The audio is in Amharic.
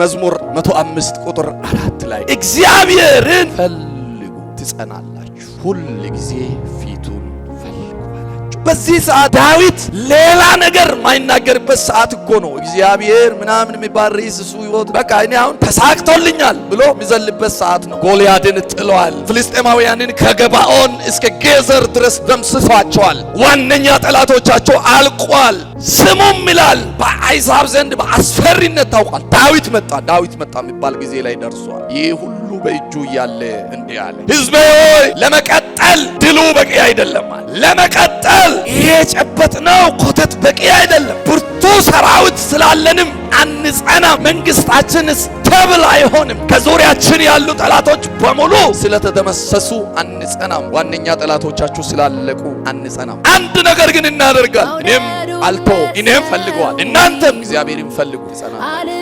መዝሙር 105 ቁጥር አራት ላይ እግዚአብሔርን ፈልጉ ትጸናላችሁ፣ ሁል ጊዜ ፊቱን በዚህ ሰዓት ዳዊት ሌላ ነገር ማይናገርበት ሰዓት እኮ ነው። እግዚአብሔር ምናምን የሚባል ርዕስ እሱ ይወት በቃ እኔ አሁን ተሳክቶልኛል ብሎ የሚዘልበት ሰዓት ነው። ጎልያድን ጥለዋል። ፍልስጤማውያንን ከገባኦን እስከ ጌዘር ድረስ ደምስሷቸዋል። ዋነኛ ጠላቶቻቸው አልቋል። ስሙም ይላል በአሕዛብ ዘንድ በአስፈሪነት ታውቋል። ዳዊት መጣ፣ ዳዊት መጣ የሚባል ጊዜ ላይ ደርሷል። ይህ ሁሉ በእጁ እያለ እንዲህ አለ፣ ሕዝቤ ሆይ ለመቀጠል ድሉ በቂ አይደለም ለመቀጠል ይበቃል። ይሄ የጨበጥነው ኮተት በቂ አይደለም። ብርቱ ሰራዊት ስላለንም አንጸና መንግስታችን ስተብል አይሆንም። ከዙሪያችን ያሉ ጠላቶች በሙሉ ስለተደመሰሱ አንጸናም። ዋነኛ ጠላቶቻችሁ ስላለቁ አንጸናም። አንድ ነገር ግን እናደርጋል። እኔም አልቶ እኔም ፈልገዋል፣ እናንተም እግዚአብሔርን ፈልጉ። ይጸናል